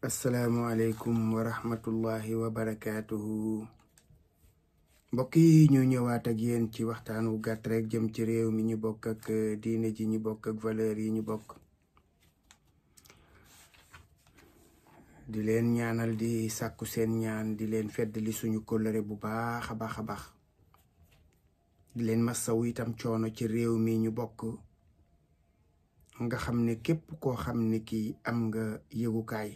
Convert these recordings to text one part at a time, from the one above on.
asalaamualeykum wa rahmatullahi wa barakaatuhu mbokk yi ñu ñëwaat ak yéen ci waxtaan wu gàtt rek jëm ci réew mi ñu bokk ak euh, ji ñu bokk ak valeur yi ñu bokk di leen ñaanal di sàkku seen ñaan di leen fedd li suñu kóllëre bu baax a baax a baax di leen masawu itam coono ci réew mi ñu bokk nga xam ne képp koo xam ne kii am nga yëgukaay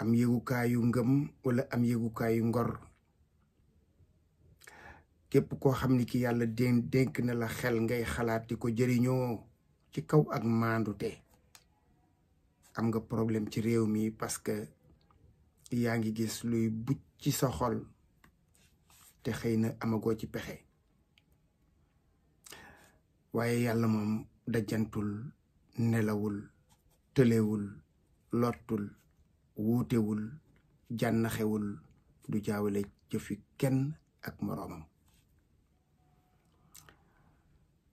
am yëgukaayu ngëm wala am yëgukaayu ngor képp koo xam ni ki yàlla dénk dénk na la xel ngay xalaat di ko jëriñoo ci kaw ak maandute am nga problème ci réew mi parce que yaa ngi gis luy bucc ci sa xol te xëy na amagoo ci pexe waaye yàlla moom dajantul nelawul tëlewul lottul wuutewul jànnaxewul du jaawale jëfi kenn ak moroomam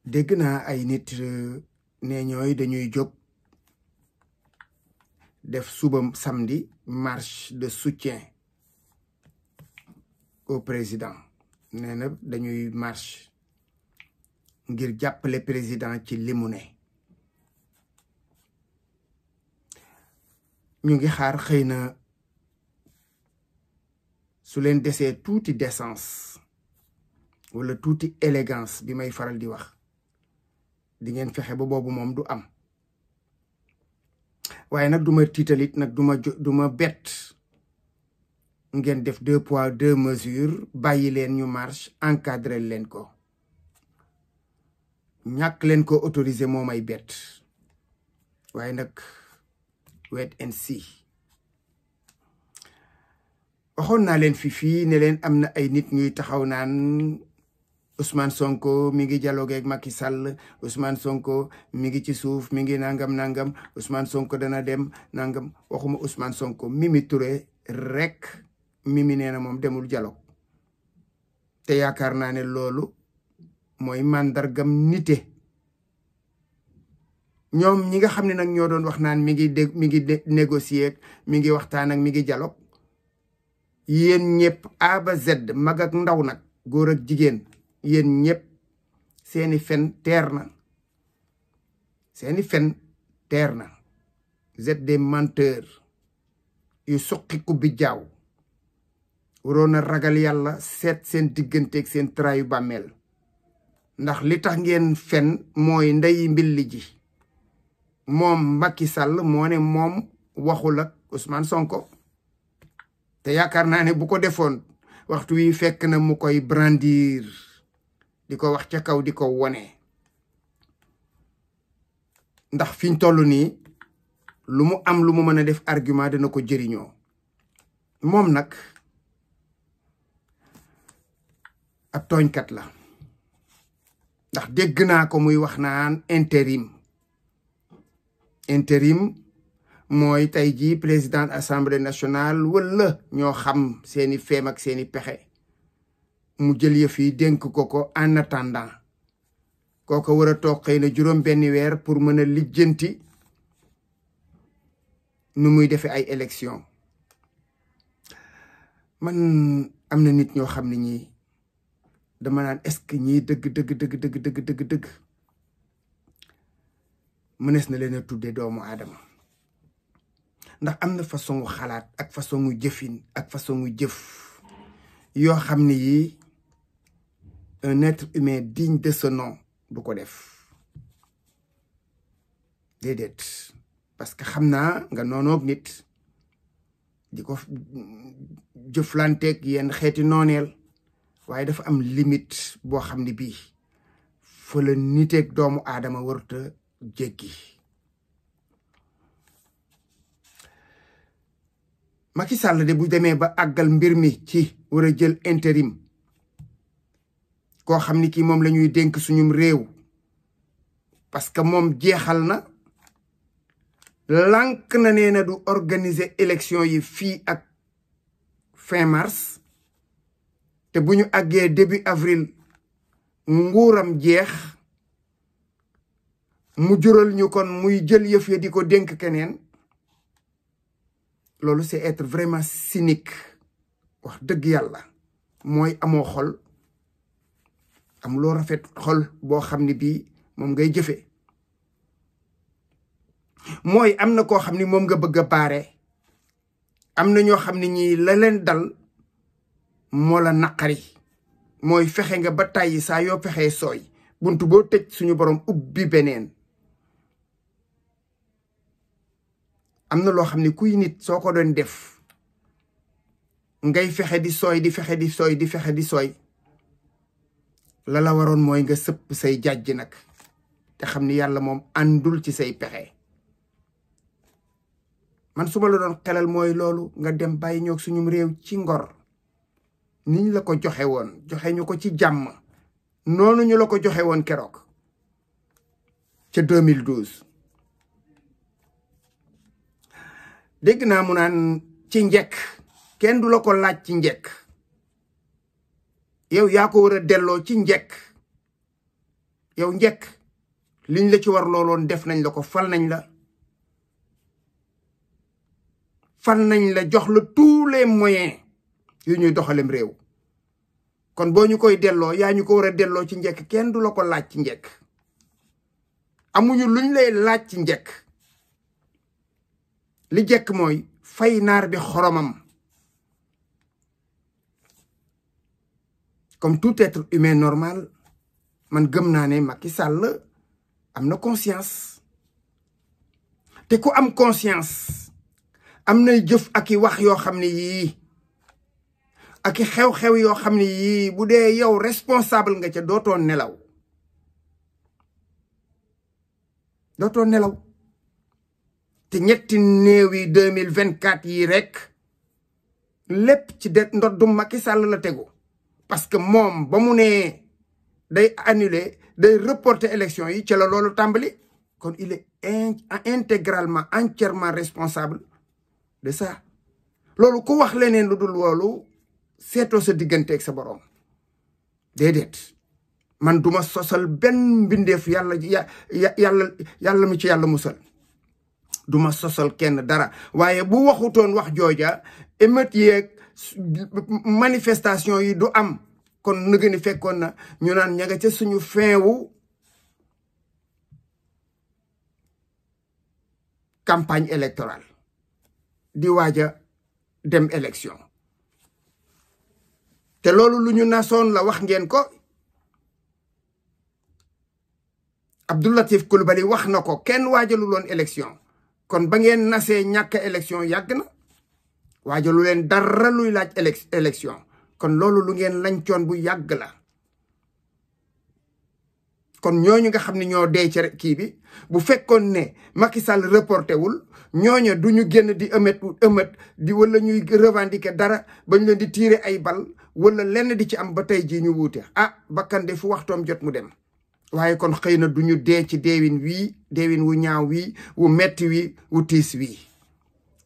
dégg naa ay nit euh, ne ñooy dañuy jóg def suba samedi marche de soutien au président nee na dañuy marche ngir jàppale président ci li ñu ngi xaar xëy na su leen desee tuuti décence wala tuuti élégance bi may faral di wax di ngeen fexe ba boobu moom du am waaye nag duma tiitalit nag du ma du ma bett ngeen def deux poids deux mesures bàyyi leen ñu marche encadré leen ko ñàkk leen ko autoriser moom ay bett waaye nag wait and see waxoon naa leen fi fii ne leen am na ay nit ñuy taxaw naan Ousmane Sonko mi ngi dialogue ak Macky Sall Ousmane Sonko mi ngi ci suuf mi ngi nangam nangam Ousmane Sonko dana dem nangam waxuma Ousmane Sonko Mimi Touré rek Mimi nee na moom demul dialogue te yaakaar naa ne loolu mooy màndargam nite ñoom ñi nga xam ne nag ñoo doon wax naan mi ngi dé mi ngi négocier mi ngi waxtaan ak mi ngi dialogue yéen ñëpp A ba Z mag ndaw nag góor ak jigéen yéen ñëpp seeni fen teer na seeni fen teer na vous yu suqiku bi jaaw waroon a ragal yàlla seet seen digganteek seen trayu bàmmeel ndax li tax ngeen fen mooy ndeyi mbilli ji moom Macky Sall moo ne moom waxula ak Sonko te yaakaar naa ne bu ko defoon waxtu wi fekk na mu koy brandir di ko wax ca kaw di ko wone ndax fiñ toll nii lu mu am lu mu mën a def argument dina ko jëriñoo moom nag ab tooñkat la ndax dégg naa ko muy wax naan intérim intérim mooy tey jii président assemblée nationale wala ñoo xam seeni feem ak seeni pexe mu jël yëfi yi dénk ko ko en attendant kooko war a toog xëy na juróom benn weer pour mën a lijjanti nu muy defee ay élection man am na nit ñoo xam ne ñii dama naan est-ce que ñii dëgg dëgg dëgg dëgg dëgg dëgg mënees na leena a tudde doomu aadama ndax am na façon xalaat ak façon jëfin ak façon jëf yoo xam ne yii un être humain digne de ce nom du ko def déedéet parce que xam naa nga noonoog nit di ko jëflanteeg yenn xeeti nooneel waaye dafa am limite boo xam ne bii fa doomu aadama warta jéggi Macky Sall de bu demee ba àggal mbir mi ci war a jël intérim koo xam ni kii moom la ñuy dénk suñum réew parce que moom jeexal na lànk na nee na du organiser élection yi fii ak fin mars te bu ñu àggee début avril nguuram jeex mu jural ñu kon muy jël yëf di ko dénk keneen loolu c'est être vraiment cynique wax dëgg yàlla mooy amoo xol am loo rafet xol boo xam ne bii moom ngay jëfee mooy am na koo xam ni moom nga bëgg a baare am na ñoo xam ne ñii la dal moo la naqari mooy fexe nga ba tàyyi saa yoo fexee sooy bunt boo tëj suñu borom ubbi beneen am na loo xam ne kuy nit soo ko doon def ngay fexe di sooy di fexe di sooy di fexe di sooy la la waroon mooy nga sëpp say jàjj nag te xam ni yàlla moom àndul ci say pexe man su la doon xelal mooy loolu nga dem bàyyi ñoog suñu réew ci ngor niñ la ko joxe woon joxe ñu ko ci jàmm noonu ñu la ko joxe woon keroog ca 2012 dégg naa mu naan ci njekk kenn du la ko laaj ci njekk yow yaa ko war a delloo ci njekk yow njekk liñ la ci war looloon def nañ la ko fal nañ la fal nañ la jox la tous les moyens yu ñuy doxalem réew kon boo ñu koy delloo yaa ñu ko war a delloo ci njekk kenn du la ko laaj ci njekk amuñu luñ lay laaj ci njekk li jekk mooy fay naar bi xoromam comme tout être humain normal man gëm naa ne Macky Sall am na conscience te ku am conscience am nay jëf aki wax yoo xam ne yii ak i xew-xew yoo xam ne yii bu dee yow responsable nga ca dootoo nelaw doto nelaw te ñetti néew yi deux mille vingt quatre yii rek lépp ci de ndoddu Macky Sall la tego parce que moom ba mu nee day annuler day reporter élection yi ci la loolu tàmbali kon il est intégralement entièrement responsable de ça loolu ku wax leneen lu dul woolu seeto sa digganteeg sa boroom déedéet man duma sosal benn mbindeef yàlla yàlla yàlla mu ci yàlla musal duma ma sosal kenn dara waaye bu waxutoon wax jooja émeute yeeg manifestation yi du am kon nëgë ni fekkoon na ñu naan ña nga ca suñu feewu campagne électorale di waaja dem élection te loolu lu ñu nasoon la wax ngeen ko Abdou Latif Coulibaly wax na ko kenn waajalu loon élection kon ba ngeen nasee ñàkk élection yàgg na waajo lu leen dara luy laaj élection kon loolu lu ngeen lañ lancoon bu yàgg la kon ñooñu nga xam ne ñoo dee ci kii bi bu fekkoon ne Macky Sall reporté wul ñooñu du ñu génn di ëmët ëmët di wala ñuy revendiquer dara ba ñu leen di tiire ay bal wala lenn di ci am ba tey jii ñu wuute ah bakkan de fu waxtoom jot mu dem waaye kon xëy na duñu dee ci deewin wii deewin wu ñaaw wii wu metti wii wu tiis wii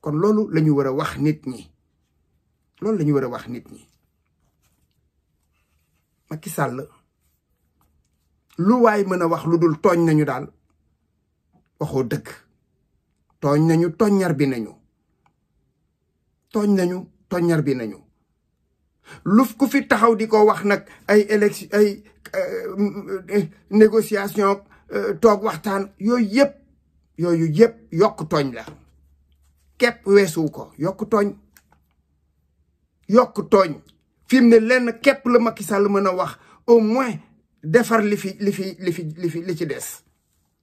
kon loolu lañu war a wax nit ñi loolu lañu war a wax nit ñi Macky Sall lu waay mën a wax lu dul tooñ nañu daal waxoo dëgg tooñ nañu toññar bi nañu tooñ nañu toññar bi nañu luf ku fi taxaw di ko wax nag ay élection ay euh, négociation euh, toog waxtaan yooyu yëpp yooyu yëpp yokk tooñ la képp weesuwu ko yokk tooñ yokk tooñ fi mu ne lenn képp la Macky Sall mën a wax au moins defar li fi li fi li fi li li ci des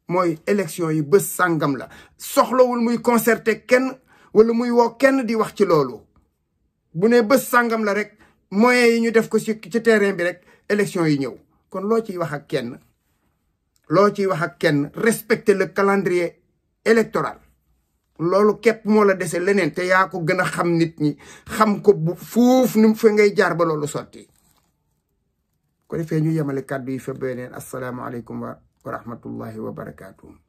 mooy élection yi bés sàngam la soxlawul muy conserté kenn wala muy woo kenn di wax ci loolu bu ne bés sàngam la rek moyens yi ñu def ko ci ci terrain bi rek élection yi ñëw kon loo ciy wax ak kenn loo ciy wax ak kenn respecter la calendrier électoral loolu képp moo la dese leneen te yaa ko gën a xam nit ñi xam ko bu fuuf ni fa ngay jaar ba loolu sotti ko defee ñu yemale kàddu yi fa beneen asalaamaaleykum wa rahmatullahi wa barakaatu